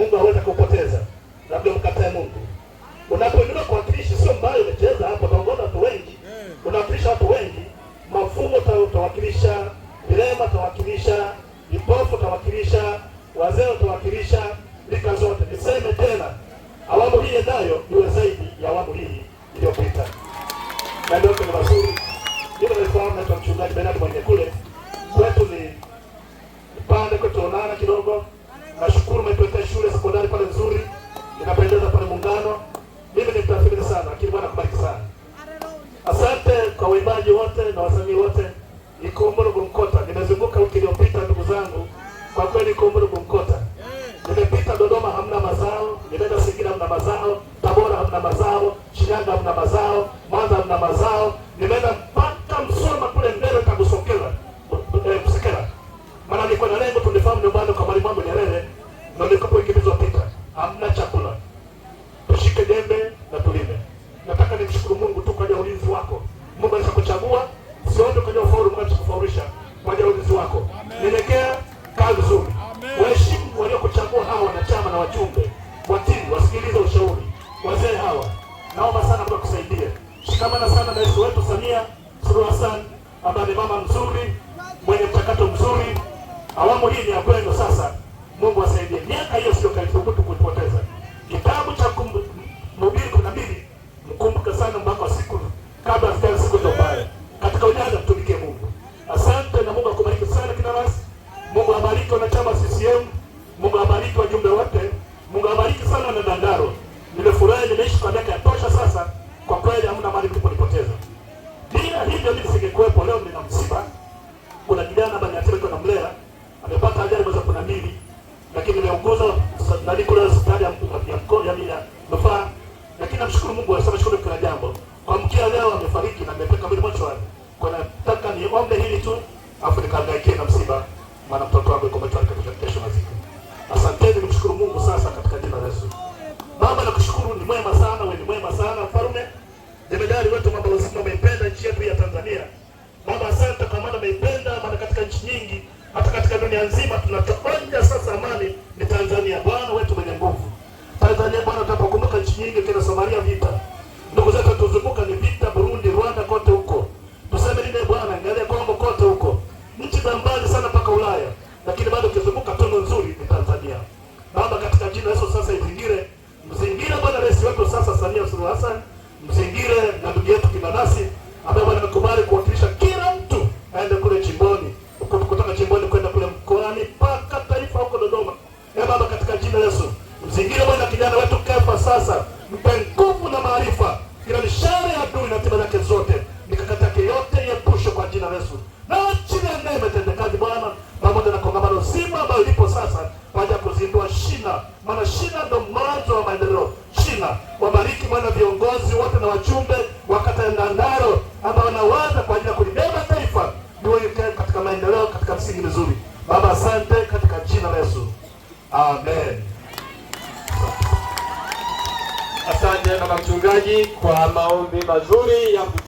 Mungu hawezi kupoteza, labda mkatae Mungu. Unapoendelea kuwakilisha, sio mbaya, umecheza hapo, utaongoza watu wengi, mm. unawakilisha watu wengi. Mafumo utawakilisha vilema, utawakilisha vipofu, utawakilisha wazee, utawakilisha rika zote. Niseme tena, awamu hii endayo iwe zaidi ya awamu hii iliyopita, na ndio tunawasema waimbaji wote na wasanii wote. Nikushukuru Bumkota, nimezunguka wiki iliyopita ndugu zangu, kwa kweli nikushukuru Bumkota. Nimepita Dodoma, hamna mazao, nimeenda Singida, hamna mazao, Tabora hamna mazao, Shinyanga hamna mazao, Mwanza hamna mazao, nimeenda na wajumbe wakili wasikilize ushauri. Wazee hawa naomba sana kusaidia Shikamana sana na Rais wetu Samia Suluhu Hassan ambaye ni mama mzuri mwenye mchakato mzuri. Awamu hii ni ya kwenu sasa. Mungu asaidie miaka hiyo Nimefurahi, nimeishi kwa miaka ya tosha sasa. Kwa kweli hamna mali mliponipoteza. Bila hivyo mimi nisingekuwepo leo. Nina msiba, kuna kijana ambaye atiriko kwa mlea amepata ajali mwezi kumi na mbili, lakini nimeongoza ndani kule hospitali ya mkuu ya mkoa ya mila nufaa, lakini namshukuru Mungu asema shukuru kwa jambo kwa mkia leo amefariki na nimepeka mwili mochwani. Kwa nataka niombe hili tu, afu nikangaikie na msiba mwana mtoto wangu yuko mochwani katika kesho mazika. Asanteni, nimshukuru Mungu sasa katika jina la Yesu. Baba, nakushukuru ni mwema sana, wewe ni mwema sana mfalme. Jemedari wetu Baba uzima, umeipenda nchi yetu ya Tanzania. Baba asante kwa maana umeipenda, maana katika nchi nyingi hata katika dunia nzima tunatoonja sasa amani ni Tanzania. Suluhu Hassan, Msingire na ndugu yetu Kibadasi ambaye bwana amekubali kuwakilisha kila mtu aende kule chimboni, kutoka chimboni kwenda kule mkoani mpaka taifa huko Dodoma. Ee Baba, katika jina la Yesu, msingire Bwana kijana wetu Kefa sasa, mpe nguvu na maarifa, ila mishale ya adui na tiba zake zote, mikakati yake yote yepushe kwa jina la Yesu, na chini ya neema itendekaji Bwana, pamoja na kongamano zima ambayo ilipo sasa kwa kuzindua shina, maana shina ndo mwanzo wa maendeleo. Mzima. Wabariki Bwana viongozi wote na wachumbe wa kata ya Ndandaro ambao wanawaza kwa ajili ya kulibeba taifa liwe katika maendeleo, katika msingi mzuri. Baba, asante katika jina la Yesu, amen. Asante na mchungaji kwa maombi mazuri ya